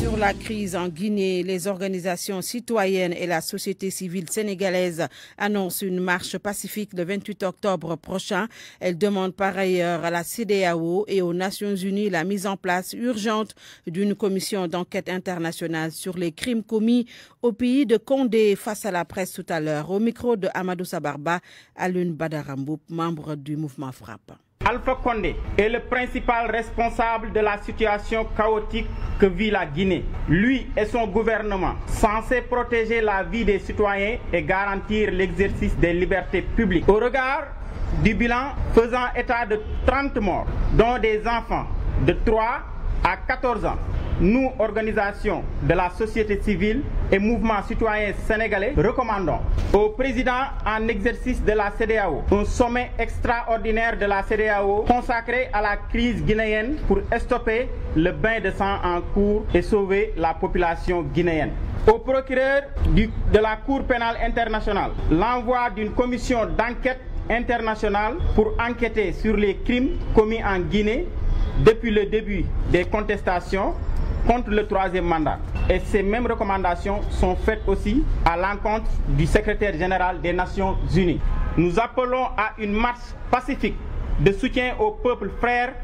Sur la crise en Guinée, les organisations citoyennes et la société civile sénégalaise annoncent une marche pacifique le 28 octobre prochain. Elles demandent par ailleurs à la CDAO et aux Nations Unies la mise en place urgente d'une commission d'enquête internationale sur les crimes commis au pays de Condé face à la presse tout à l'heure. Au micro de Amadou Sabarba, Alun Badarambou, membre du mouvement Frappe. Alpha Condé est le principal responsable de la situation chaotique que vit la Guinée. Lui et son gouvernement, censés protéger la vie des citoyens et garantir l'exercice des libertés publiques. Au regard du bilan faisant état de 30 morts, dont des enfants de 3 à 14 ans, nous, organisations de la société civile et mouvements citoyens sénégalais, recommandons au président en exercice de la CDAO un sommet extraordinaire de la CDAO consacré à la crise guinéenne pour stopper le bain de sang en cours et sauver la population guinéenne au procureur de la Cour pénale internationale l'envoi d'une commission d'enquête internationale pour enquêter sur les crimes commis en Guinée depuis le début des contestations contre le troisième mandat. Et ces mêmes recommandations sont faites aussi à l'encontre du secrétaire général des Nations Unies. Nous appelons à une marche pacifique de soutien au peuple frère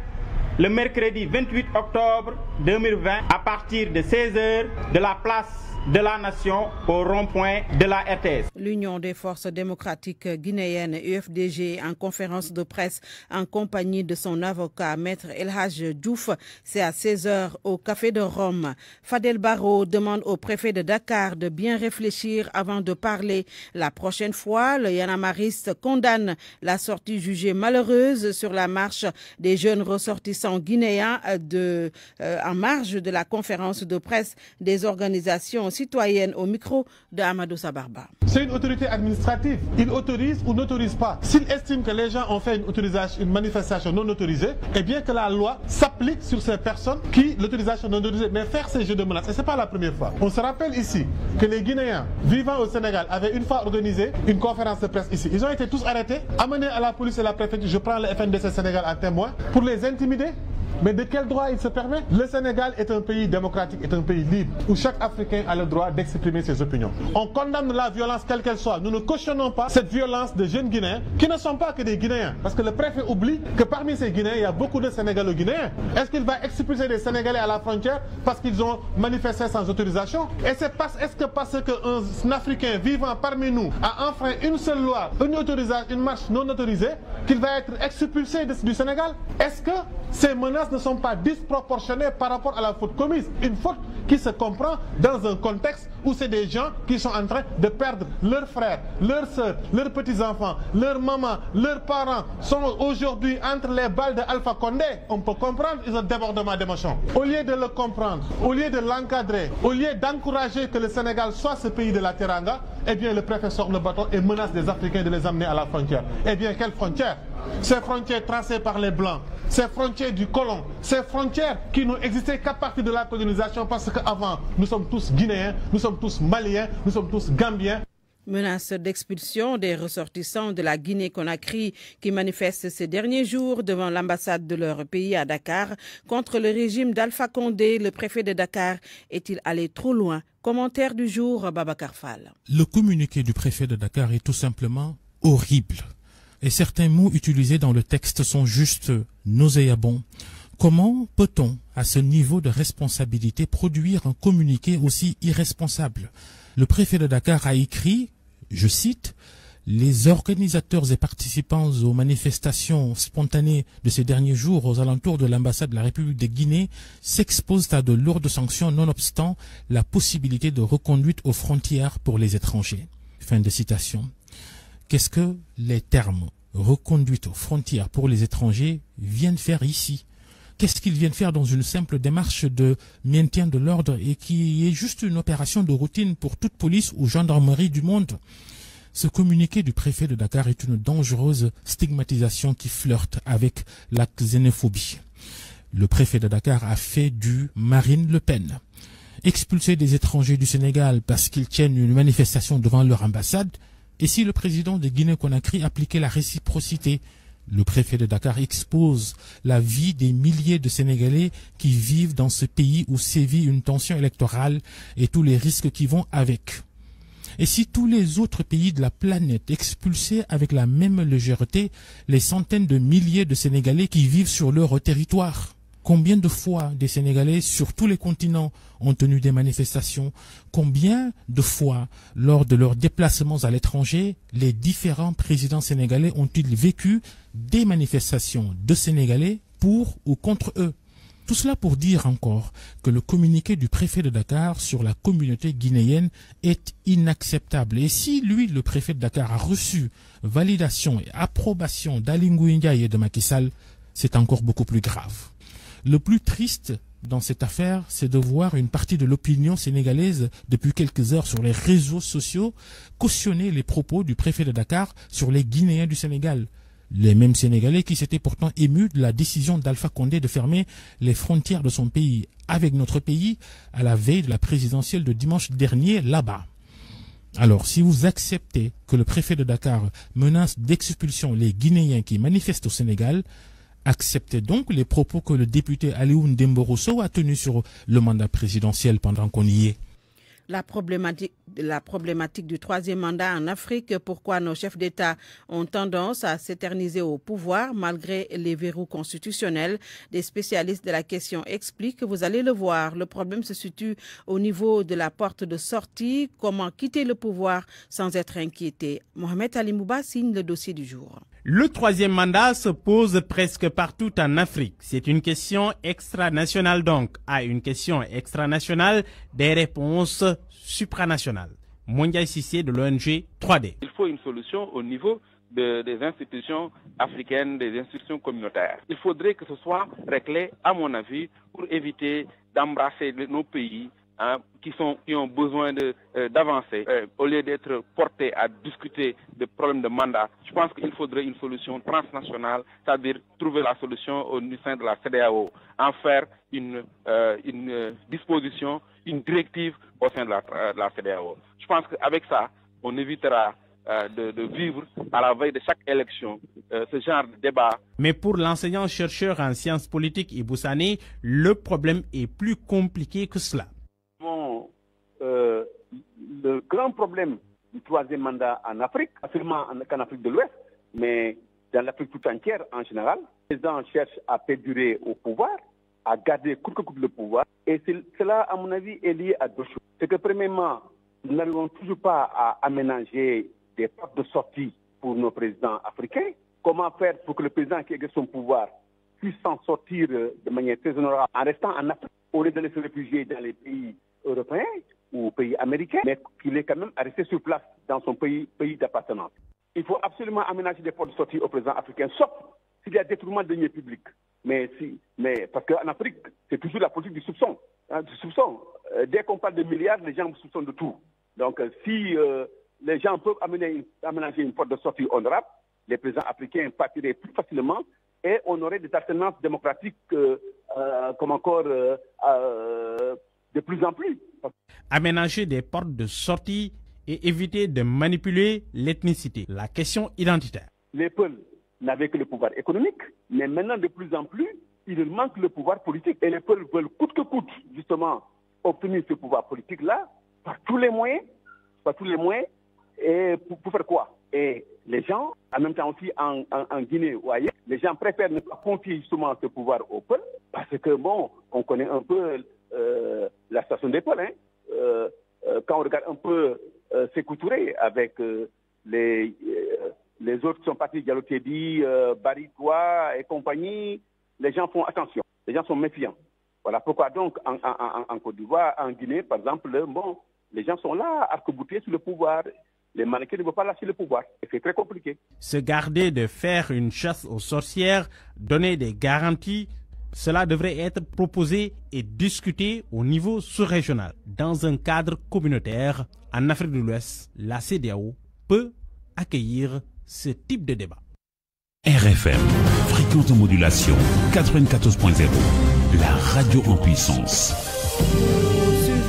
le mercredi 28 octobre 2020 à partir de 16h de la place de la nation au rond-point de la RTS. L'Union des forces démocratiques guinéennes UFDG en conférence de presse en compagnie de son avocat maître Elhaj Douf, c'est à 16h au café de Rome. Fadel Barro demande au préfet de Dakar de bien réfléchir avant de parler. La prochaine fois, le Yanamariste condamne la sortie jugée malheureuse sur la marche des jeunes ressortissants guinéens de, euh, en marge de la conférence de presse des organisations citoyenne au micro de Amadou Sabarba. C'est une autorité administrative. Il autorise ou n'autorise pas. S'il estime que les gens ont fait une, autorisation, une manifestation non autorisée, eh bien que la loi s'applique sur ces personnes qui l'autorisation non autorisée. Mais faire ces jeux de menaces, ce n'est pas la première fois. On se rappelle ici que les Guinéens vivant au Sénégal avaient une fois organisé une conférence de presse ici. Ils ont été tous arrêtés, amenés à la police et la préfecture. Je prends le FNDC Sénégal en témoin pour les intimider mais de quel droit il se permet Le Sénégal est un pays démocratique, est un pays libre, où chaque Africain a le droit d'exprimer ses opinions. On condamne la violence quelle qu'elle soit. Nous ne cautionnons pas cette violence de jeunes Guinéens qui ne sont pas que des Guinéens. Parce que le préfet oublie que parmi ces Guinéens, il y a beaucoup de Sénégalo-Guinéens. Est-ce qu'il va expulser des Sénégalais à la frontière parce qu'ils ont manifesté sans autorisation Et c'est parce, est-ce que parce qu'un Africain vivant parmi nous a enfreint une seule loi, une, autorisation, une marche non autorisée, qu'il va être expulsé du Sénégal Est-ce que ces menaces ne sont pas disproportionnées par rapport à la faute commise. Une faute qui se comprend dans un contexte où c'est des gens qui sont en train de perdre leurs frères, leurs sœurs, leurs petits-enfants, leurs mamans, leurs parents sont aujourd'hui entre les balles de Alpha Condé. On peut comprendre, ils ont débordement démotion. Au lieu de le comprendre, au lieu de l'encadrer, au lieu d'encourager que le Sénégal soit ce pays de la Teranga, eh bien le préfet sort le bâton et menace les Africains de les amener à la frontière. Eh bien quelle frontière ces frontières tracées par les Blancs, ces frontières du colon, ces frontières qui n'ont existé qu'à partir de la colonisation parce qu'avant, nous sommes tous Guinéens, nous sommes sommes tous maliens, nous sommes tous gambiens. Menace d'expulsion des ressortissants de la Guinée-Conakry qui manifestent ces derniers jours devant l'ambassade de leur pays à Dakar contre le régime d'Alpha Condé, le préfet de Dakar, est-il allé trop loin Commentaire du jour, Baba Fall. Le communiqué du préfet de Dakar est tout simplement horrible. Et certains mots utilisés dans le texte sont juste nauséabonds. Comment peut-on, à ce niveau de responsabilité, produire un communiqué aussi irresponsable Le préfet de Dakar a écrit, je cite, les organisateurs et participants aux manifestations spontanées de ces derniers jours aux alentours de l'ambassade de la République de Guinée s'exposent à de lourdes sanctions nonobstant la possibilité de reconduite aux frontières pour les étrangers. Fin de citation. Qu'est-ce que les termes reconduite aux frontières pour les étrangers viennent faire ici qu'est-ce qu'ils viennent faire dans une simple démarche de maintien de l'ordre et qui est juste une opération de routine pour toute police ou gendarmerie du monde. Ce communiqué du préfet de Dakar est une dangereuse stigmatisation qui flirte avec la xénophobie. Le préfet de Dakar a fait du Marine Le Pen. Expulser des étrangers du Sénégal parce qu'ils tiennent une manifestation devant leur ambassade, et si le président de Guinée-Conakry appliquait la réciprocité le préfet de Dakar expose la vie des milliers de Sénégalais qui vivent dans ce pays où sévit une tension électorale et tous les risques qui vont avec. Et si tous les autres pays de la planète expulsaient avec la même légèreté les centaines de milliers de Sénégalais qui vivent sur leur territoire Combien de fois des Sénégalais sur tous les continents ont tenu des manifestations Combien de fois, lors de leurs déplacements à l'étranger, les différents présidents sénégalais ont-ils vécu des manifestations de Sénégalais pour ou contre eux tout cela pour dire encore que le communiqué du préfet de Dakar sur la communauté guinéenne est inacceptable. Et si lui, le préfet de Dakar, a reçu validation et approbation d'Alingou et de Macky Sall, c'est encore beaucoup plus grave. Le plus triste dans cette affaire, c'est de voir une partie de l'opinion sénégalaise, depuis quelques heures sur les réseaux sociaux, cautionner les propos du préfet de Dakar sur les Guinéens du Sénégal. Les mêmes Sénégalais qui s'étaient pourtant émus de la décision d'Alpha Condé de fermer les frontières de son pays avec notre pays à la veille de la présidentielle de dimanche dernier là-bas. Alors, si vous acceptez que le préfet de Dakar menace d'expulsion les Guinéens qui manifestent au Sénégal, Acceptez donc les propos que le député Alioune Demboroso a tenus sur le mandat présidentiel pendant qu'on y est. La problématique, la problématique, du troisième mandat en Afrique, pourquoi nos chefs d'État ont tendance à s'éterniser au pouvoir malgré les verrous constitutionnels. Des spécialistes de la question expliquent, vous allez le voir, le problème se situe au niveau de la porte de sortie, comment quitter le pouvoir sans être inquiété. Mohamed Ali Mouba signe le dossier du jour. Le troisième mandat se pose presque partout en Afrique. C'est une question extranationale donc. À une question extra-nationale, des réponses supranationales. Mondial Sissé de l'ONG 3D. Il faut une solution au niveau des institutions africaines, des institutions communautaires. Il faudrait que ce soit réglé, à mon avis, pour éviter d'embrasser nos pays Hein, qui, sont, qui ont besoin euh, d'avancer, euh, au lieu d'être portés à discuter de problèmes de mandat, je pense qu'il faudrait une solution transnationale, c'est-à-dire trouver la solution au sein de la CDAO, en faire euh, une, disposition, une directive au sein de la, de CDAO. Je pense qu'avec ça, on évitera de, vivre à la veille de chaque élection ce genre de débat. Mais pour l'enseignant-chercheur en sciences politiques Iboussane, le problème est plus compliqué que cela le grand problème du troisième mandat en Afrique, pas seulement qu'en Afrique de l'Ouest, mais dans l'Afrique tout entière en général. Les gens cherchent à perdurer au pouvoir, à garder court que court le pouvoir. Et cela, à mon avis, est lié à deux choses. C'est que premièrement, nous n'arrivons toujours pas à aménager des portes de sortie pour nos présidents africains. Comment faire pour que le président qui exerce son pouvoir puisse s'en sortir de manière très honorable en restant en Afrique au lieu de se réfugier dans les pays européen ou pays américain, mais qu'il est quand même resté sur place dans son pays, pays d'appartenance. Il faut absolument aménager des portes de sortie aux présidents africains, sauf s'il y a détournement de deniers publics. Mais, si, mais parce qu'en Afrique, c'est toujours la politique du soupçon. Hein, du soupçon. Euh, dès qu'on parle de milliards, les gens soupçonnent de tout. Donc euh, si euh, les gens peuvent amener, aménager une porte de sortie honorable, les présidents africains partiraient plus facilement et on aurait des alternances démocratiques comme encore de plus en plus. Aménager des portes de sortie et éviter de manipuler l'ethnicité. La question identitaire. Les peuples n'avaient que le pouvoir économique, mais maintenant de plus en plus, il manque le pouvoir politique. Et les peuples veulent coûte que coûte, justement, obtenir ce pouvoir politique-là par tous les moyens, par tous les moyens, et pour, faire quoi Et les gens, en même temps aussi en, Guinée ou ailleurs, les gens préfèrent ne pas confier justement ce pouvoir aux peuple parce que bon, on connaît un peu euh, la station d'épaule. Hein. Euh, euh, quand on regarde un peu s'écouturer avec les, les autres qui sont partis, Diallo et compagnie, les gens font attention, les gens sont méfiants. Voilà pourquoi donc en, Côte d'Ivoire, en Guinée par exemple, bon, les gens sont là, arc-boutés sur le pouvoir. Les mannequins ne veulent pas lâcher le pouvoir. C'est très compliqué. Se garder de faire une chasse aux sorcières, donner des garanties, cela devrait être proposé et discuté au niveau sous-régional, dans un cadre communautaire. En Afrique de l'Ouest, la CDAO peut accueillir ce type de débat. RFM, fréquente modulation 94.0, la radio en puissance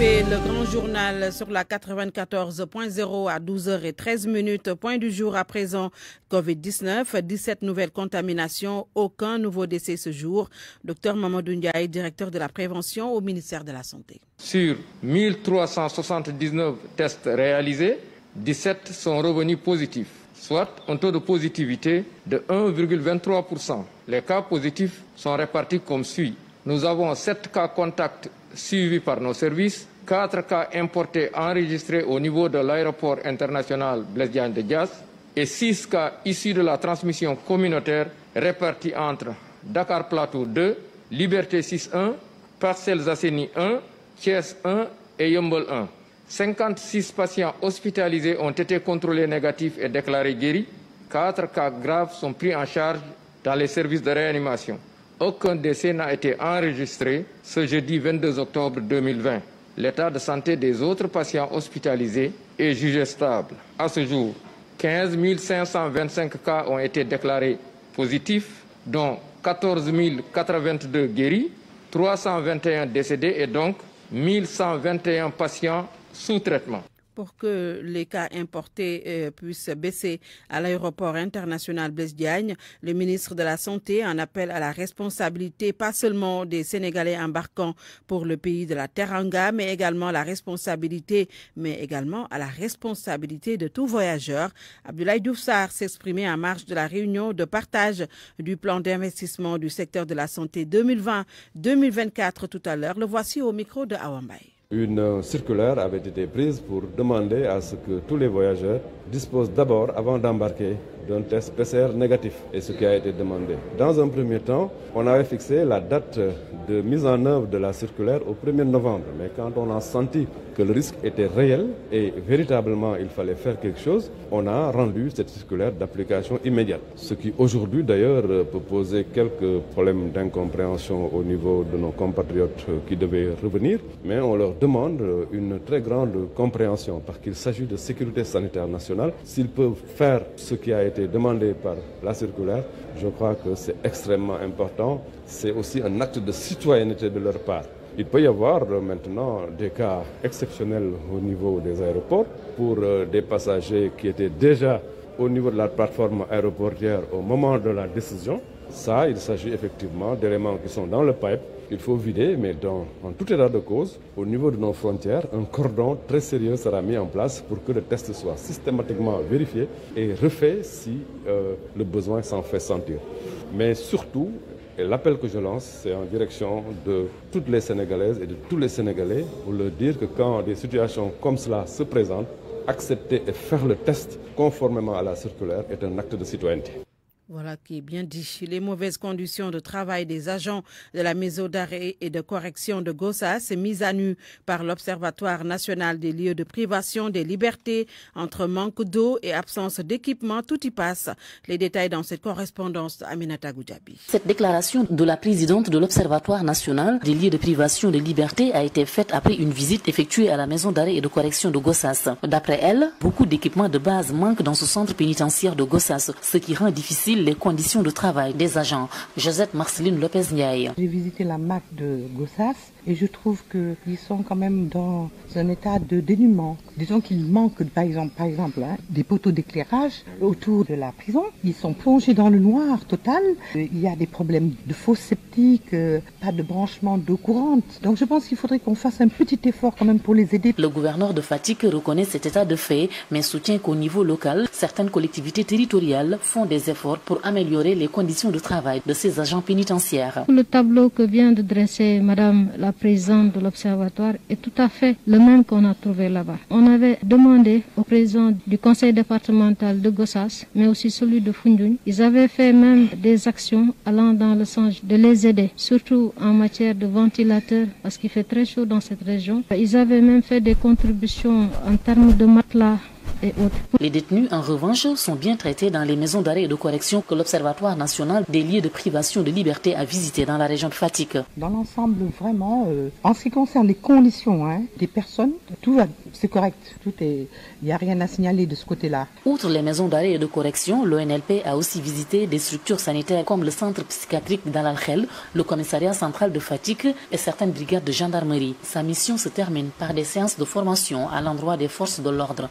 le grand journal sur la 94.0 à 12h13 minutes. Point du jour à présent, COVID-19, 17 nouvelles contaminations, aucun nouveau décès ce jour. Docteur Mamadou Ndiaye, directeur de la prévention au ministère de la Santé. Sur 1379 tests réalisés, 17 sont revenus positifs, soit un taux de positivité de 1,23%. Les cas positifs sont répartis comme suit. Nous avons 7 cas contacts suivis par nos services, Quatre cas importés enregistrés au niveau de l'aéroport international Blaise de Dias et six cas issus de la transmission communautaire répartis entre Dakar Plateau 2, Liberté 6-1, Parcelles Asseni 1, Thiès 1 et Yombol 1. 56 patients hospitalisés ont été contrôlés négatifs et déclarés guéris. Quatre cas graves sont pris en charge dans les services de réanimation. Aucun décès n'a été enregistré ce jeudi 22 octobre 2020. L'état de santé des autres patients hospitalisés est jugé stable. À ce jour, 15 525 cas ont été déclarés positifs, dont 14 082 guéris, 321 décédés et donc un patients sous traitement pour que les cas importés euh, puissent baisser à l'aéroport international Blaise Diagne. Le ministre de la Santé en appelle à la responsabilité, pas seulement des Sénégalais embarquant pour le pays de la Teranga, mais également à la responsabilité, mais également à la responsabilité de tout voyageur. Abdoulaye Doufsar s'exprimait en marge de la réunion de partage du plan d'investissement du secteur de la santé 2020-2024 tout à l'heure. Le voici au micro de Awambaye une circulaire avait été prise pour demander à ce que tous les voyageurs disposent d'abord, avant d'embarquer, d'un test PCR négatif, et ce qui a été demandé. Dans un premier temps, on avait fixé la date de mise en œuvre de la circulaire au 1er novembre, mais quand on a senti le risque était réel et véritablement il fallait faire quelque chose, on a rendu cette circulaire d'application immédiate. Ce qui aujourd'hui d'ailleurs euh, peut poser quelques problèmes d'incompréhension au niveau de nos compatriotes euh, qui devaient revenir, mais on leur demande euh, une très grande compréhension parce qu'il s'agit de sécurité sanitaire nationale. S'ils peuvent faire ce qui a été demandé par la circulaire, je crois que c'est extrêmement important. C'est aussi un acte de citoyenneté de leur part. Il peut y avoir euh, maintenant des cas exceptionnels au niveau des aéroports pour euh, des passagers qui étaient déjà au niveau de la plateforme aéroportière au moment de la décision. Ça, il s'agit effectivement d'éléments qui sont dans le pipe. Il faut vider, mais dans, en tout état de cause, au niveau de nos frontières, un cordon très sérieux sera mis en place pour que le test soit systématiquement vérifié et refait si euh, le besoin s'en fait sentir. Mais surtout, et l'appel que je lance, c'est en direction de toutes les Sénégalaises et de tous les Sénégalais pour leur dire que quand des situations comme cela se présentent, accepter et faire le test conformément à la circulaire est un acte de citoyenneté. Voilà qui est bien dit. Les mauvaises conditions de travail des agents de la maison d'arrêt et de correction de Gossas mise à nu par l'Observatoire national des lieux de privation des libertés entre manque d'eau et absence d'équipement, tout y passe. Les détails dans cette correspondance Aminata Goudjabi. Cette déclaration de la présidente de l'Observatoire national des lieux de privation des libertés a été faite après une visite effectuée à la maison d'arrêt et de correction de Gossas. D'après elle, beaucoup d'équipements de base manquent dans ce centre pénitentiaire de Gossas, ce qui rend difficile les conditions de travail des agents. Josette Marceline Lopez-Niaï. J'ai visité la marque de Gossas et je trouve qu'ils sont quand même dans un état de dénuement. Disons qu'il manque, par exemple, par exemple hein, des poteaux d'éclairage autour de la prison. Ils sont plongés dans le noir total. Euh, il y a des problèmes de fausses sceptiques, euh, pas de branchement d'eau courante. Donc je pense qu'il faudrait qu'on fasse un petit effort quand même pour les aider. Le gouverneur de Fatigue reconnaît cet état de fait, mais soutient qu'au niveau local, certaines collectivités territoriales font des efforts pour améliorer les conditions de travail de ces agents pénitentiaires. Le tableau que vient de dresser Madame la présent de l'Observatoire est tout à fait le même qu'on a trouvé là-bas. On avait demandé au président du conseil départemental de Gossas, mais aussi celui de Fundun. Ils avaient fait même des actions allant dans le sens de les aider, surtout en matière de ventilateurs, parce qu'il fait très chaud dans cette région. Ils avaient même fait des contributions en termes de matelas les détenus, en revanche, sont bien traités dans les maisons d'arrêt et de correction que l'Observatoire national des lieux de privation de liberté a visité dans la région de Fatigue. Dans l'ensemble, vraiment, euh, en ce qui concerne les conditions hein, des personnes, tout va, c'est correct. Tout est, il n'y a rien à signaler de ce côté-là. Outre les maisons d'arrêt et de correction, l'ONLP a aussi visité des structures sanitaires comme le centre psychiatrique d'Al Khel, le commissariat central de Fatigue et certaines brigades de gendarmerie. Sa mission se termine par des séances de formation à l'endroit des forces de l'ordre.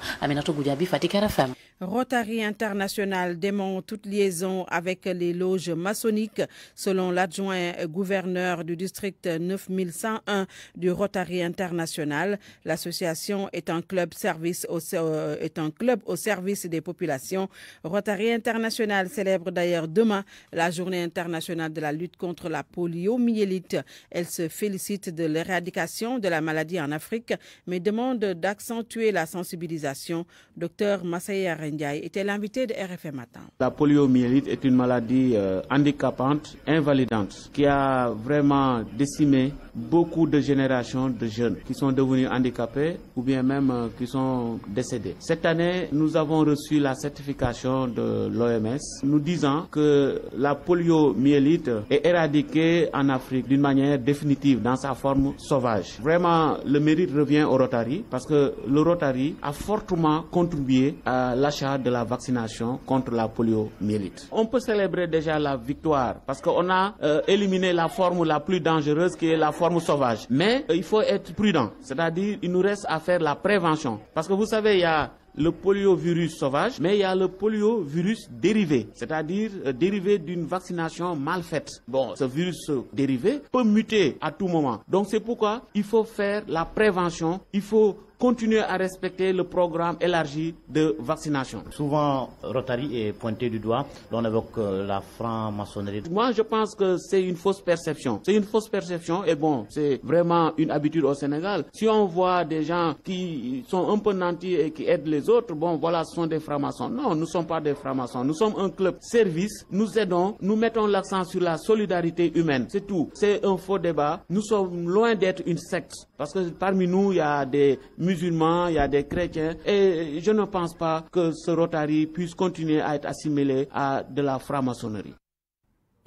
Fatou Goudiaby Fatick RFM Rotary International dément toute liaison avec les loges maçonniques, selon l'adjoint gouverneur du district 9101 du Rotary International. L'association euh, est un club au, service des populations. Rotary International célèbre d'ailleurs demain la journée internationale de la lutte contre la poliomyélite. Elle se félicite de l'éradication de la maladie en Afrique, mais demande d'accentuer la sensibilisation. Docteur Masayari était l'invité de Matin. La poliomyélite est une maladie euh, handicapante, invalidante, qui a vraiment décimé beaucoup de générations de jeunes qui sont devenus handicapés ou bien même euh, qui sont décédés. Cette année, nous avons reçu la certification de l'OMS nous disant que la poliomyélite est éradiquée en Afrique d'une manière définitive dans sa forme sauvage. Vraiment, le mérite revient au Rotary parce que le Rotary a fortement contribué à l'achat de la vaccination contre la poliomyélite. On peut célébrer déjà la victoire parce qu'on a euh, éliminé la forme la plus dangereuse qui est la forme sauvage. Mais euh, il faut être prudent, c'est-à-dire il nous reste à faire la prévention. Parce que vous savez, il y a le poliovirus sauvage, mais il y a le poliovirus dérivé, c'est-à-dire euh, dérivé d'une vaccination mal faite. Bon, ce virus dérivé peut muter à tout moment. Donc c'est pourquoi il faut faire la prévention, il faut continuer à respecter le programme élargi de vaccination. Souvent, Rotary est pointé du doigt. On évoque euh, la franc-maçonnerie. Moi, je pense que c'est une fausse perception. C'est une fausse perception et bon, c'est vraiment une habitude au Sénégal. Si on voit des gens qui sont un peu nantis et qui aident les autres, bon, voilà, ce sont des francs-maçons. Non, nous ne sommes pas des francs-maçons. Nous sommes un club service. Nous aidons, nous mettons l'accent sur la solidarité humaine. C'est tout. C'est un faux débat. Nous sommes loin d'être une secte. Parce que parmi nous, il y a des musulmans, il y a des chrétiens. Et je ne pense pas que ce Rotary puisse continuer à être assimilé à de la franc-maçonnerie.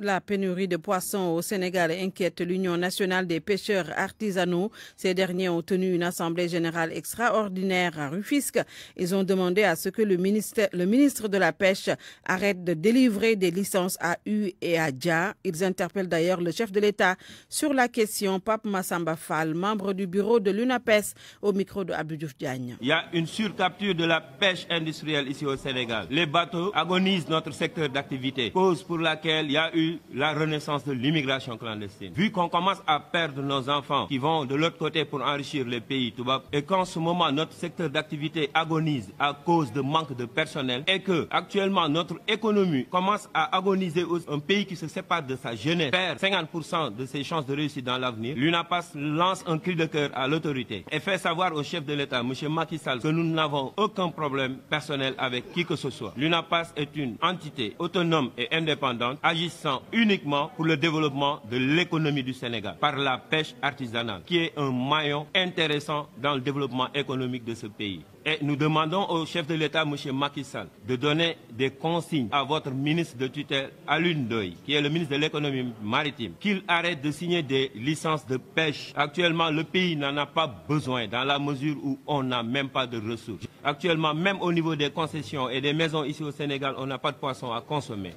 La pénurie de poissons au Sénégal inquiète l'Union nationale des pêcheurs artisanaux. Ces derniers ont tenu une assemblée générale extraordinaire à Rufisque. Ils ont demandé à ce que le ministre, le ministre de la Pêche arrête de délivrer des licences à U et à Dja. Ils interpellent d'ailleurs le chef de l'État sur la question. Pape Massamba Fall, membre du bureau de l'UNAPES, au micro de Abu Diagne. Il y a une surcapture de la pêche industrielle ici au Sénégal. Les bateaux agonisent notre secteur d'activité, cause pour laquelle il y a eu la renaissance de l'immigration clandestine. Vu qu'on commence à perdre nos enfants qui vont de l'autre côté pour enrichir les pays, bas, et qu'en ce moment notre secteur d'activité agonise à cause de manque de personnel et que actuellement notre économie commence à agoniser un pays qui se sépare de sa jeunesse perd 50% de ses chances de réussite dans l'avenir, l'UNAPAS lance un cri de cœur à l'autorité et fait savoir au chef de l'État, M. Macky Sall, que nous n'avons aucun problème personnel avec qui que ce soit. L'UNAPAS est une entité autonome et indépendante agissant uniquement pour le développement de l'économie du Sénégal par la pêche artisanale, qui est un maillon intéressant dans le développement économique de ce pays. Et nous demandons au chef de l'État, M. Macky Sall, de donner des consignes à votre ministre de tutelle, Alun Doy, qui est le ministre de l'économie maritime, qu'il arrête de signer des licences de pêche. Actuellement, le pays n'en a pas besoin dans la mesure où on n'a même pas de ressources. Actuellement, même au niveau des concessions et des maisons ici au Sénégal, on n'a pas de poissons à consommer.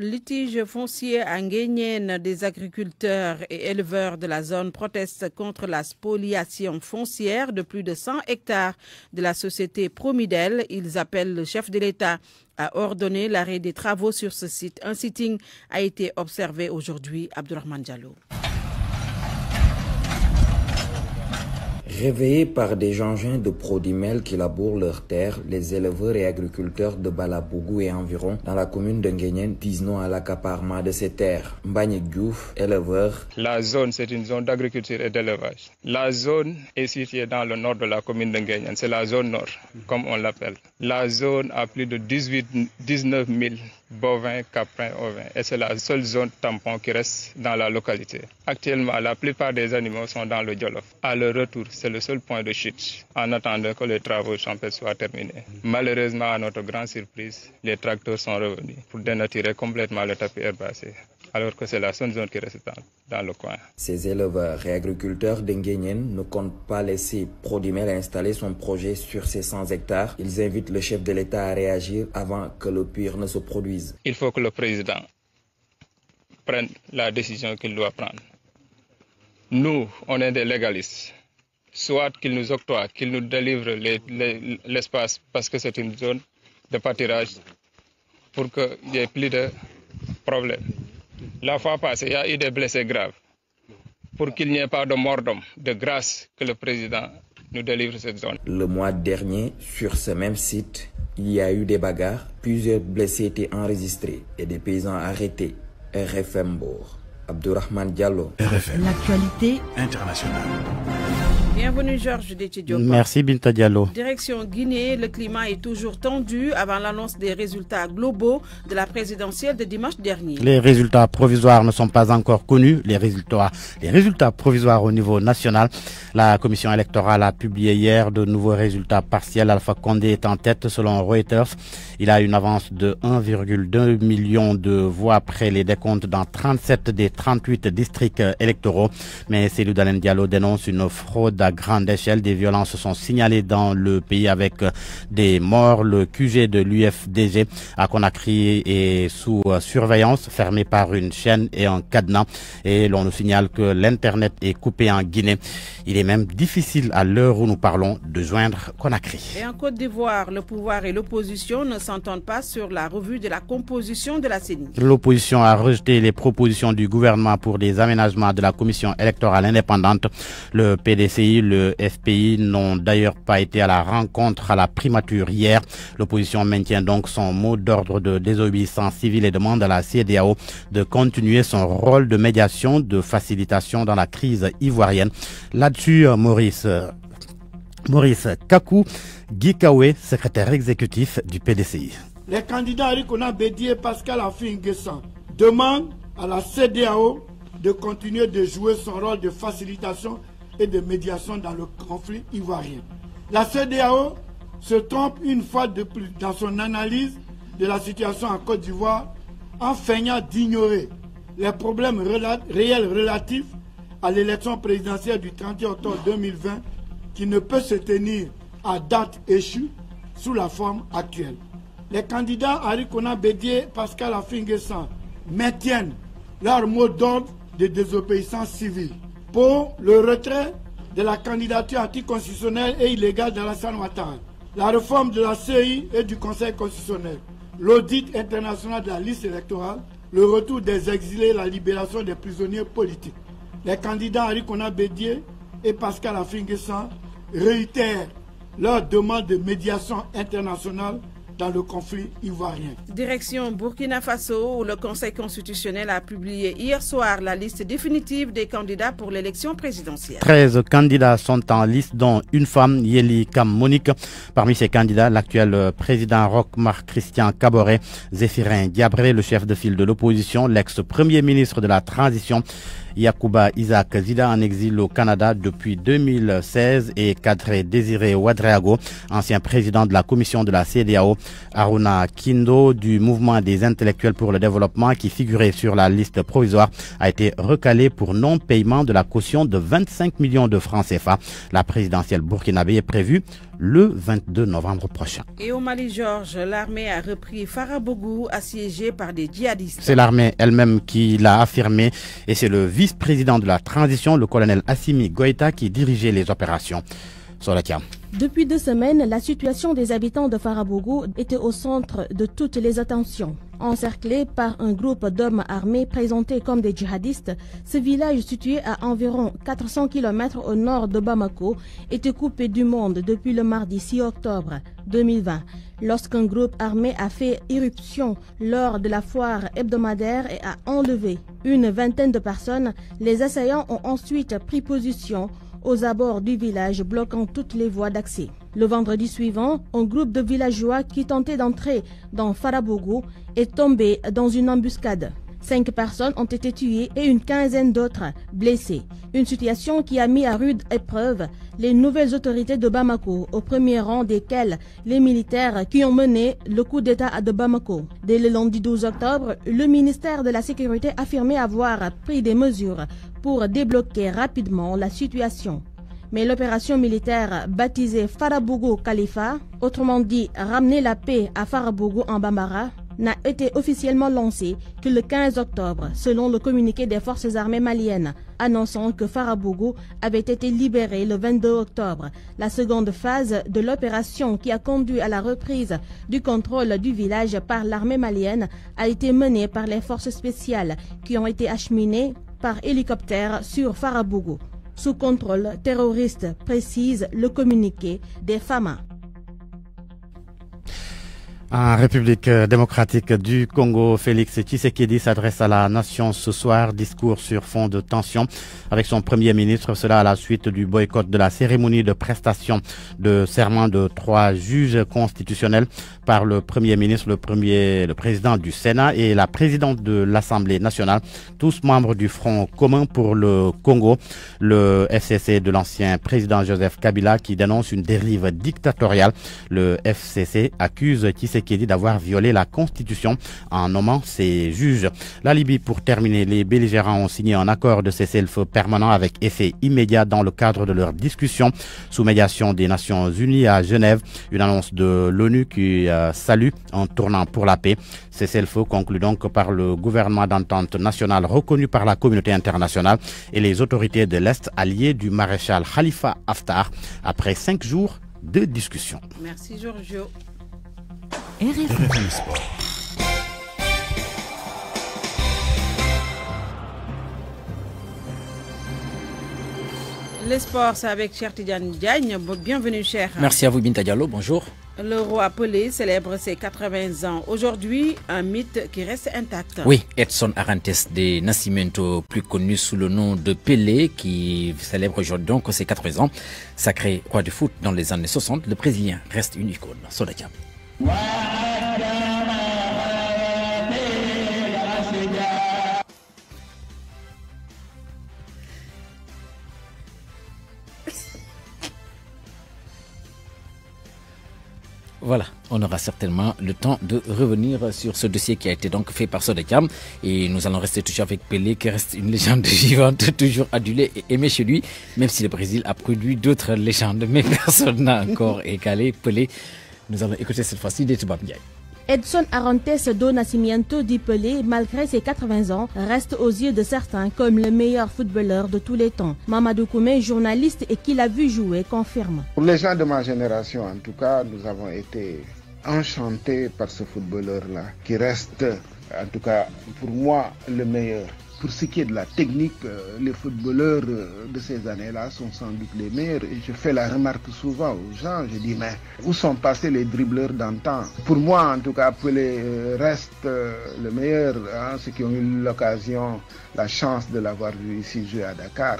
Litige foncier en des agriculteurs et éleveurs de la zone proteste contre la spoliation foncière de plus de 100 hectares de la société Promidel. Ils appellent le chef de l'État à ordonner l'arrêt des travaux sur ce site. Un sitting a été observé aujourd'hui. Abdurrahman Diallo. Réveillés par des engins de prodimel qui labourent leurs terres, les éleveurs et agriculteurs de Balabougou et environ dans la commune de disent non à l'accaparement de ces terres. Diouf, éleveur. La zone, c'est une zone d'agriculture et d'élevage. La zone est située dans le nord de la commune de C'est la zone nord, comme on l'appelle. La zone a plus de 18, 19 000 Bovin, caprin, ovin. Et c'est la seule zone tampon qui reste dans la localité. Actuellement, la plupart des animaux sont dans le Djolof. À leur retour, c'est le seul point de chute en attendant que les travaux champêtres soient terminés. Malheureusement, à notre grande surprise, les tracteurs sont revenus pour dénaturer complètement le tapis herbacé alors que c'est la seule zone qui reste dans, le coin. Ces éleveurs et agriculteurs d'Ingenien ne comptent pas laisser Prodimel installer son projet sur ses 100 hectares. Ils invitent le chef de l'État à réagir avant que le pire ne se produise. Il faut que le président prenne la décision qu'il doit prendre. Nous, on est des légalistes soit qu'il nous octroie, qu'il nous délivre l'espace parce que c'est une zone de pâturage pour qu'il n'y ait plus de problèmes. La fois passée, il y a eu des blessés graves. Pour qu'il n'y ait pas de mort de grâce que le président nous délivre cette zone. Le mois dernier, sur ce même site, il y a eu des bagarres, plusieurs blessés étaient enregistrés et des paysans arrêtés. RFM Bourg, Abdourahman Diallo. RFM. L'actualité internationale. Bienvenue Georges Détudiant. Merci Binta Diallo. Direction Guinée, le climat est toujours tendu avant l'annonce des résultats globaux de la présidentielle de dimanche dernier. Les résultats provisoires ne sont pas encore connus. Les résultats, provisoires au niveau national. La commission électorale a publié hier de nouveaux résultats partiels. Alpha Condé est en tête selon Reuters. Il a une avance de 1,2 million de voix après les décomptes dans 37 des 38 districts électoraux. Mais celui Dalen Diallo dénonce une fraude grande échelle. Des violences sont signalées dans le pays avec euh, des morts. Le QG de l'UFDG à Conakry est sous euh, surveillance, fermé par une chaîne et un cadenas. Et l'on nous signale que l'Internet est coupé en Guinée. Il est même difficile à l'heure où nous parlons de joindre Conakry. Et en Côte d'Ivoire, le pouvoir et l'opposition ne s'entendent pas sur la revue de la composition de la CENI. L'opposition a rejeté les propositions du gouvernement pour des aménagements de la commission électorale indépendante. Le PDCI le FPI n'ont d'ailleurs pas été à la rencontre à la primature hier. L'opposition maintient donc son mot d'ordre de désobéissance civile et demande à la CDAO de continuer son rôle de médiation, de facilitation dans la crise ivoirienne. Là-dessus, Maurice, Maurice Kakou, Guy secrétaire exécutif du PDCI. Les candidats Arikona Bédier et Pascal afin demandent à la CDAO de continuer de jouer son rôle de facilitation et de médiation dans le conflit ivoirien. La CDAO se trompe une fois de plus dans son analyse de la situation en Côte d'Ivoire en feignant d'ignorer les problèmes réels relatifs à l'élection présidentielle du 31 octobre 2020 qui ne peut se tenir à date échue sous la forme actuelle. Les candidats Harry Kona Bédier, Pascal Afingessan maintiennent leur mot d'ordre de désobéissance civile pour le retrait de la candidature anticonstitutionnelle et illégale d'Alassane Ouattara, la réforme de la CI et du Conseil constitutionnel, l'audit international de la liste électorale, le retour des exilés, la libération des prisonniers politiques. Les candidats Henri Kona Bédier et Pascal Afingessan réitèrent leur demande de médiation internationale dans le conflit ivoirien. Direction Burkina Faso, où le Conseil constitutionnel a publié hier soir la liste définitive des candidats pour l'élection présidentielle. 13 candidats sont en liste, dont une femme, Yeli Monique. Parmi ces candidats, l'actuel président roch Christian Caboret, Zéphirin Diabré, le chef de file de l'opposition, l'ex-premier ministre de la Transition, Yakuba Isaac Zida en exil au Canada depuis 2016 et cadré Désiré Ouadreago, ancien président de la commission de la CDAO Aruna Kindo du mouvement des intellectuels pour le développement qui figurait sur la liste provisoire a été recalé pour non-paiement de la caution de 25 millions de francs CFA. La présidentielle burkinabé est prévue le 22 novembre prochain. Et au Mali, Georges, l'armée a repris Farabougou, assiégé par des djihadistes. C'est l'armée elle-même qui l'a affirmé et c'est le vice-président de la transition, le colonel Assimi Goïta, qui dirigeait les opérations. Depuis deux semaines, la situation des habitants de Farabougou était au centre de toutes les attentions. Encerclé par un groupe d'hommes armés présentés comme des djihadistes, ce village situé à environ 400 km au nord de Bamako était coupé du monde depuis le mardi 6 octobre 2020, lorsqu'un groupe armé a fait irruption lors de la foire hebdomadaire et a enlevé une vingtaine de personnes. Les assaillants ont ensuite pris position aux abords du village, bloquant toutes les voies d'accès. Le vendredi suivant, un groupe de villageois qui tentait d'entrer dans Farabogo est tombé dans une embuscade. Cinq personnes ont été tuées et une quinzaine d'autres blessées. Une situation qui a mis à rude épreuve les nouvelles autorités de Bamako, au premier rang desquelles les militaires qui ont mené le coup d'État à de Bamako. Dès le lundi 12 octobre, le ministère de la Sécurité affirmait avoir pris des mesures pour débloquer rapidement la situation mais l'opération militaire baptisée Farabougou Khalifa, autrement dit ramener la paix à Farabougou en Bambara, n'a été officiellement lancé que le 15 octobre, selon le communiqué des forces armées maliennes, annonçant que Farabogo avait été libéré le 22 octobre. La seconde phase de l'opération qui a conduit à la reprise du contrôle du village par l'armée malienne a été menée par les forces spéciales qui ont été acheminées par hélicoptère sur Farabogo. Sous contrôle terroriste, précise le communiqué des FAMA. En République euh, démocratique du Congo, Félix Tshisekedi s'adresse à la nation ce soir, discours sur fond de tension avec son premier ministre, cela à la suite du boycott de la cérémonie de prestation de serment de trois juges constitutionnels par le premier ministre, le premier, le président du Sénat et la présidente de l'Assemblée nationale, tous membres du Front commun pour le Congo, le FCC de l'ancien président Joseph Kabila qui dénonce une dérive dictatoriale. Le FCC accuse Tshisekedi qui est dit d'avoir violé la Constitution en nommant ses juges. La Libye, pour terminer, les belligérants ont signé un accord de cessez-le-feu permanent avec effet immédiat dans le cadre de leurs discussions sous médiation des Nations Unies à Genève. Une annonce de l'ONU qui euh, salue en tournant pour la paix. Cessez-le-feu conclut donc par le gouvernement d'entente nationale reconnu par la communauté internationale et les autorités de l'Est alliées du maréchal Khalifa Haftar après cinq jours de discussion. Merci Giorgio. Les sports, avec Cher Diagne. Bienvenue, Cher. Merci à vous, Binta Diallo. Bonjour. Le roi Pelé célèbre ses 80 ans. Aujourd'hui, un mythe qui reste intact. Oui, Edson Arantes de Nascimento, plus connu sous le nom de Pelé, qui célèbre aujourd'hui donc ses 80 ans. Sacré roi du foot dans les années 60, le Brésilien reste une icône. Sodakia. Voilà, on aura certainement le temps de revenir sur ce dossier qui a été donc fait par Sodekam. Et nous allons rester toujours avec Pelé, qui reste une légende vivante, toujours adulée et aimée chez lui, même si le Brésil a produit d'autres légendes. Mais personne n'a encore égalé Pelé nous allons écouter cette fois-ci des Edson Arantes do Nascimento Pelé, malgré ses 80 ans, reste aux yeux de certains comme le meilleur footballeur de tous les temps. Mamadou Koumé, journaliste et qui l'a vu jouer, confirme. Pour les gens de ma génération, en tout cas, nous avons été enchantés par ce footballeur-là, qui reste, en tout cas, pour moi, le meilleur pour ce qui est de la technique, euh, les footballeurs euh, de ces années-là sont sans doute les meilleurs. Et je fais la remarque souvent aux gens, je dis, mais où sont passés les dribbleurs d'antan Pour moi, en tout cas, Pelé euh, reste le meilleur. Hein, ceux qui ont eu l'occasion, la chance de l'avoir vu ici jouer à Dakar,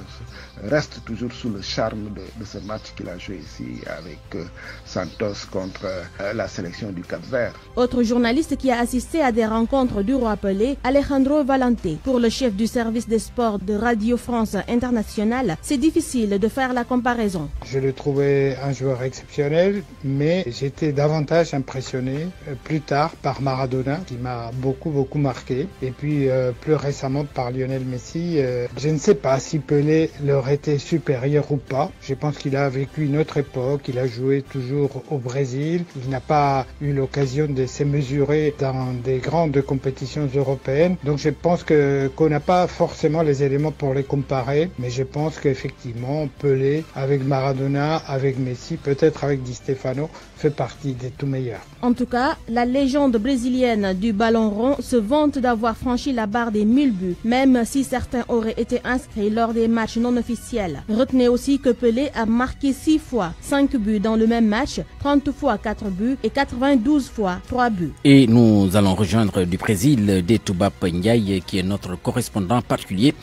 restent toujours sous le charme de, ce match qu'il a joué ici avec Santos contre la sélection du Cap-Vert. Autre journaliste qui a assisté à des rencontres du roi Pelé, Alejandro Valente, pour le chef du service des sports de Radio France Internationale, c'est difficile de faire la comparaison. Je le trouvais un joueur exceptionnel, mais j'étais davantage impressionné euh, plus tard par Maradona, qui m'a beaucoup, beaucoup marqué. Et puis euh, plus récemment par Lionel Messi. Euh, je ne sais pas si Pelé leur était supérieur ou pas. Je pense qu'il a vécu une autre époque, il a joué toujours au Brésil, il n'a pas eu l'occasion de se mesurer dans des grandes compétitions européennes. Donc je pense que qu'on a pas forcément les éléments pour les comparer, mais je pense qu'effectivement, Pelé, avec Maradona, avec Messi, peut-être avec Di Stefano, fait partie des tout meilleurs. En tout cas, la légende brésilienne du ballon rond se vante d'avoir franchi la barre des 1000 buts, même si certains auraient été inscrits lors des matchs non officiels. Retenez aussi que Pelé a marqué 6 fois 5 buts dans le même match, 30 fois 4 buts et 92 fois 3 buts. Et nous allons rejoindre du Brésil, Détouba qui est notre correspondant en particulier.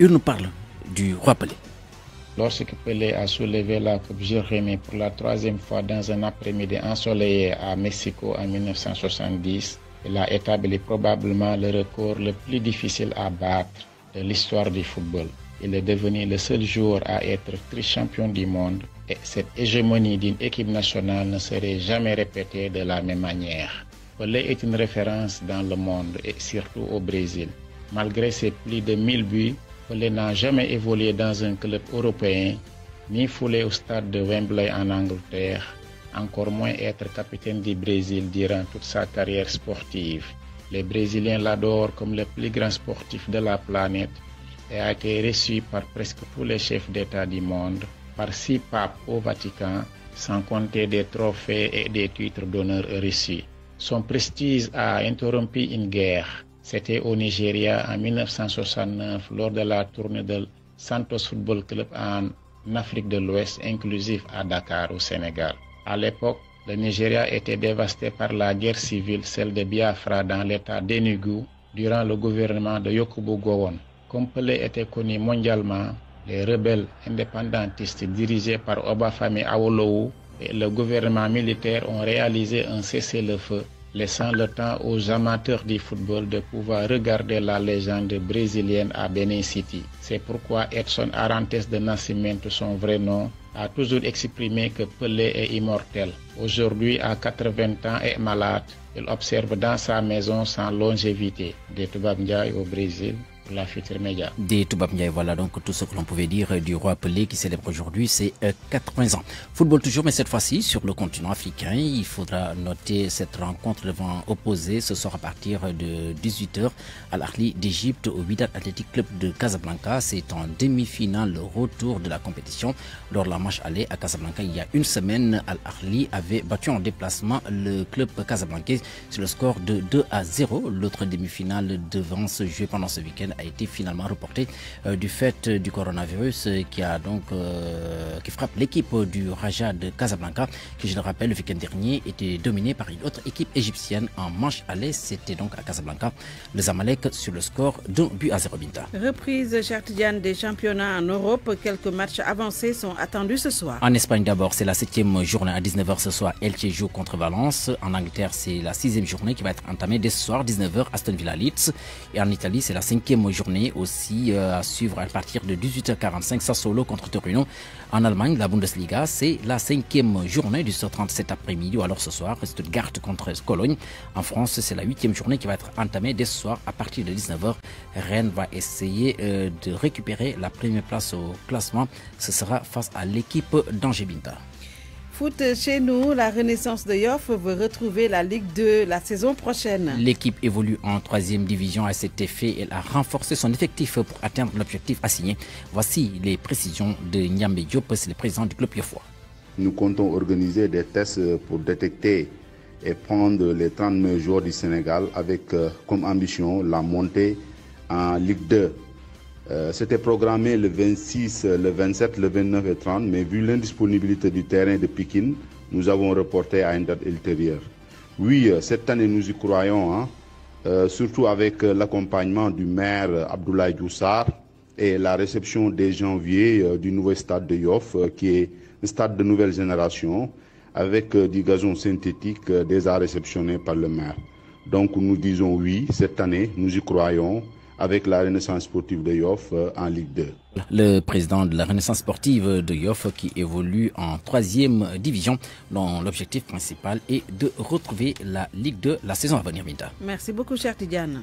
Il nous parle du roi Pelé. Lorsque Pelé a soulevé la Coupe Jérémy pour la troisième fois dans un après-midi ensoleillé à Mexico en 1970, il a établi probablement le record le plus difficile à battre de l'histoire du football. Il est devenu le seul joueur à être tri-champion du monde et cette hégémonie d'une équipe nationale ne serait jamais répétée de la même manière. Pelé est une référence dans le monde et surtout au Brésil. Malgré ses plus de 1000 buts, Pelé n'a jamais évolué dans un club européen, ni foulé au stade de Wembley en Angleterre, encore moins être capitaine du Brésil durant toute sa carrière sportive. Les Brésiliens l'adorent comme le plus grand sportif de la planète et a été reçu par presque tous les chefs d'État du monde, par six papes au Vatican, sans compter des trophées et des titres d'honneur reçus. Son prestige a interrompu une guerre c'était au Nigeria en 1969 lors de la tournée de Santos Football Club en Afrique de l'Ouest, inclusive à Dakar au Sénégal. À l'époque, le Nigeria était dévasté par la guerre civile, celle de Biafra dans l'état d'Enugu, durant le gouvernement de Yokubu Gowon. Comme Pelé était connu mondialement, les rebelles indépendantistes dirigés par Obafemi Awolowo et le gouvernement militaire ont réalisé un cessez-le-feu laissant le temps aux amateurs du football de pouvoir regarder la légende brésilienne à Benin City. C'est pourquoi Edson Arantes de Nascimento, son vrai nom, a toujours exprimé que Pelé est immortel. Aujourd'hui, à 80 ans et malade, il observe dans sa maison sans longévité. De Tubamdiaï au Brésil, la future méga. Des Toubab voilà donc tout ce que l'on pouvait dire du roi Pelé qui célèbre aujourd'hui ses 80 euh, ans. Football toujours, mais cette fois-ci sur le continent africain. Il faudra noter cette rencontre devant opposé ce soir à partir de 18h à l'Arli d'Égypte au Wydad Athletic Club de Casablanca. C'est en demi-finale le retour de la compétition. Lors de la manche aller à Casablanca il y a une semaine, Al-Arli avait battu en déplacement le club casablancais sur le score de 2 à 0. L'autre demi-finale devant se jouer pendant ce week-end a été finalement reporté euh, du fait euh, du coronavirus euh, qui a donc qui frappe l'équipe du Raja de Casablanca, qui je le rappelle le week-end dernier était dominée par une autre équipe égyptienne en manche à l'est. C'était donc à Casablanca le Zamalek sur le score d'un but à 0 Binta. Reprise Tidiane, des championnats en Europe. Quelques matchs avancés sont attendus ce soir. En Espagne d'abord, c'est la septième journée à 19h ce soir. Elche joue contre Valence. En Angleterre, c'est la sixième journée qui va être entamée dès ce soir 19h Aston Villa Leeds. Et en Italie, c'est la cinquième journée aussi euh, à suivre à partir de 18h45 solo contre Torino. En Allemagne, la Bundesliga, c'est la cinquième journée du 137 après-midi. Alors ce soir, Garde contre Cologne. En France, c'est la huitième journée qui va être entamée dès ce soir à partir de 19h. Rennes va essayer euh, de récupérer la première place au classement. Ce sera face à l'équipe d'Angébinta. Foot chez nous, la Renaissance de Yoff veut retrouver la Ligue 2 la saison prochaine. L'équipe évolue en troisième division à cet effet. Elle a renforcé son effectif pour atteindre l'objectif assigné. Voici les précisions de Nyambe Diop, le président du club Yoff. Nous comptons organiser des tests pour détecter et prendre les 30 meilleurs joueurs du Sénégal avec euh, comme ambition la montée en Ligue 2. Euh, c'était programmé le 26, euh, le 27, le 29 et 30, mais vu l'indisponibilité du terrain de Pékin, nous avons reporté à une date ultérieure. Oui, euh, cette année, nous y croyons, hein. surtout avec l'accompagnement du maire Abdoulaye Doussar et la réception des janvier du nouveau stade de Yoff, qui est un stade de nouvelle génération, avec du gazon synthétique déjà réceptionné par le maire. Donc nous disons oui, cette année, nous y croyons avec la Renaissance sportive de Yoff euh, en Ligue 2. Le président de la Renaissance sportive de Yoff qui évolue en troisième division dont l'objectif principal est de retrouver la Ligue 2 la saison à venir. Minda. Merci beaucoup cher Tidiane.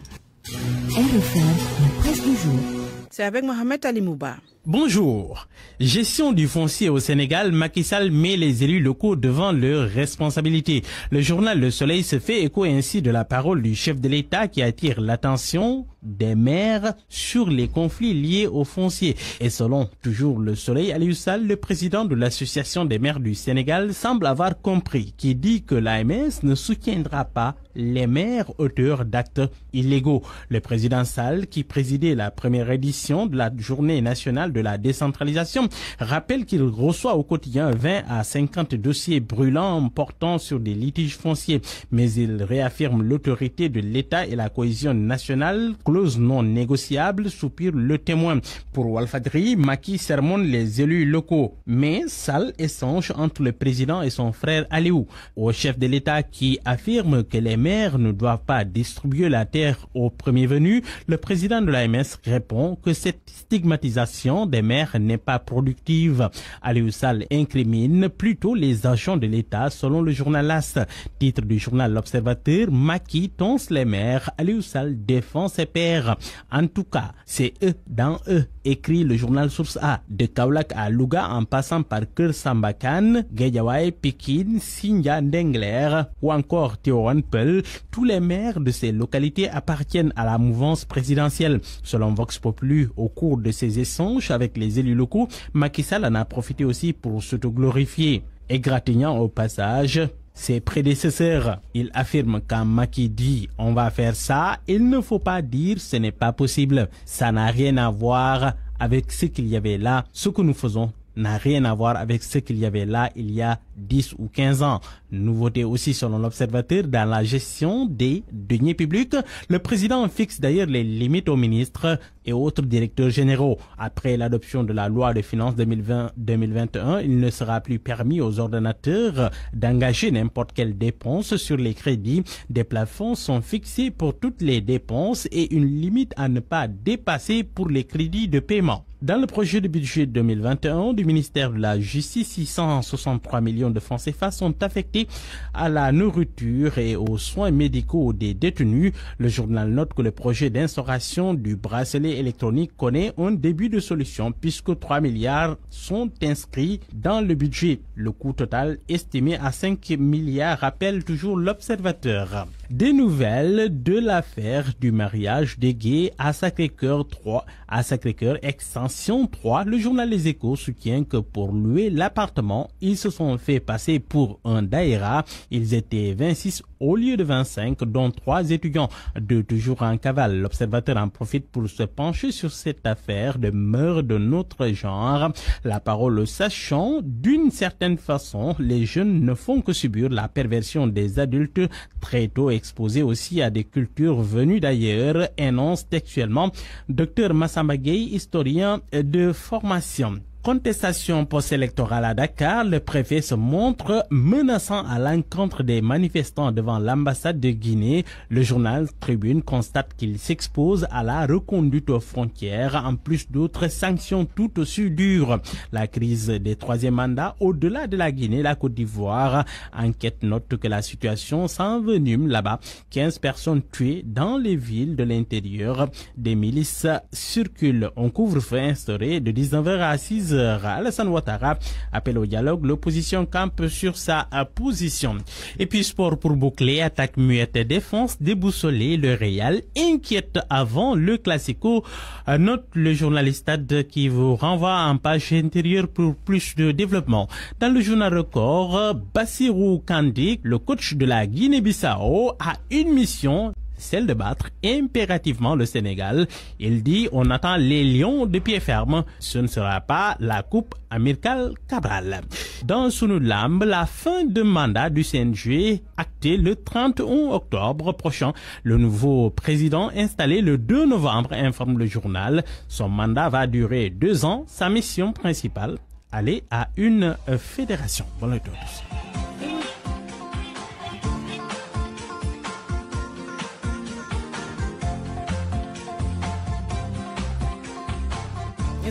C'est avec Mohamed Ali Mouba. Bonjour. Gestion du foncier au Sénégal, Macky Sall met les élus locaux devant leurs responsabilités. Le journal Le Soleil se fait écho ainsi de la parole du chef de l'État qui attire l'attention des maires sur les conflits liés au foncier. Et selon toujours Le Soleil, Aliou Sall, le président de l'Association des maires du Sénégal, semble avoir compris, qui dit que l'AMS ne soutiendra pas les maires auteurs d'actes illégaux. Le président Sall, qui présidait la première édition de la journée nationale de la décentralisation rappelle qu'il reçoit au quotidien 20 à 50 dossiers brûlants portant sur des litiges fonciers, mais il réaffirme l'autorité de l'État et la cohésion nationale, clause non négociable, soupire le témoin. Pour Walfadri, Maki sermonne les élus locaux, mais salle échange entre le président et son frère Aliou, au chef de l'État qui affirme que les maires ne doivent pas distribuer la terre aux premiers venus, le président de l'AMS répond que cette stigmatisation des maires n'est pas productive. Aléoussal incrimine plutôt les agents de l'État selon le journal As. Titre du journal L'Observateur, Maki tonce les maires Aléoussal défend ses pairs. En tout cas, c'est eux dans eux écrit le journal Source A. De Kaulak à Louga en passant par Kursambakan, Gayawai Pékin, Sinja, Dengler ou encore Teoranpel, tous les maires de ces localités appartiennent à la mouvance présidentielle. Selon Vox Populi, au cours de ses échanges avec les élus locaux, Macky Sall en a profité aussi pour s'autoglorifier, glorifier, gratignant au passage ses prédécesseurs, il affirme qu'un maquis dit on va faire ça, il ne faut pas dire ce n'est pas possible. Ça n'a rien à voir avec ce qu'il y avait là, ce que nous faisons n'a rien à voir avec ce qu'il y avait là il y a 10 ou 15 ans. Nouveauté aussi selon l'observateur dans la gestion des deniers publics. Le président fixe d'ailleurs les limites aux ministres et autres directeurs généraux. Après l'adoption de la loi de finances 2020-2021, il ne sera plus permis aux ordinateurs d'engager n'importe quelle dépense sur les crédits. Des plafonds sont fixés pour toutes les dépenses et une limite à ne pas dépasser pour les crédits de paiement. Dans le projet de budget 2021 du ministère de la Justice, 663 millions de francs CFA sont affectés à la nourriture et aux soins médicaux des détenus. Le journal note que le projet d'instauration du bracelet électronique connaît un début de solution puisque 3 milliards sont inscrits dans le budget. Le coût total estimé à 5 milliards rappelle toujours l'observateur. Des nouvelles de l'affaire du mariage des gays à Sacré-Cœur 3, à Sacré-Cœur Extension 3, le journal Les Échos soutient que pour louer l'appartement, ils se sont fait passer pour un daïra. Ils étaient 26 au lieu de 25, dont trois étudiants, de toujours en cavale. L'observateur en profite pour se pencher sur cette affaire de meurtre de notre genre. La parole sachant, d'une certaine façon, les jeunes ne font que subir la perversion des adultes très tôt exposés aussi à des cultures venues d'ailleurs, énonce textuellement Dr Massambagay, historien de formation contestation post-électorale à Dakar, le préfet se montre menaçant à l'encontre des manifestants devant l'ambassade de Guinée. Le journal Tribune constate qu'il s'expose à la reconduite aux frontières, en plus d'autres sanctions tout aussi dures. La crise des troisième mandats au-delà de la Guinée, la Côte d'Ivoire. Enquête note que la situation s'envenime là-bas. 15 personnes tuées dans les villes de l'intérieur. Des milices circulent. On couvre-feu instauré de 19h à 6h Alassane Ouattara appelle au dialogue. L'opposition campe sur sa euh, position. Et puis sport pour boucler, attaque muette, et défense déboussolée. Le Real inquiète avant le Classico. Euh, note le journaliste qui vous renvoie en page intérieure pour plus de développement. Dans le journal record, Bassirou Kandik, le coach de la Guinée-Bissau, a une mission celle de battre impérativement le Sénégal. Il dit on attend les lions de pied ferme. Ce ne sera pas la coupe Amirkal Cabral. Dans lambe, la fin de mandat du CNJ acté le 31 octobre prochain. Le nouveau président installé le 2 novembre informe le journal. Son mandat va durer deux ans. Sa mission principale, aller à une fédération. à tous.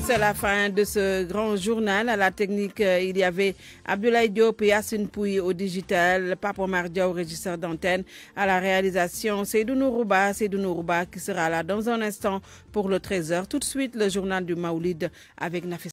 C'est la fin de ce grand journal. À la technique, euh, il y avait Abdoulaye Diop et Yassine Pouy au digital, Papo Mardia au régisseur d'antenne. À la réalisation, c'est Nourouba, c'est qui sera là dans un instant pour le 13h. Tout de suite, le journal du Maoulid avec Nafis.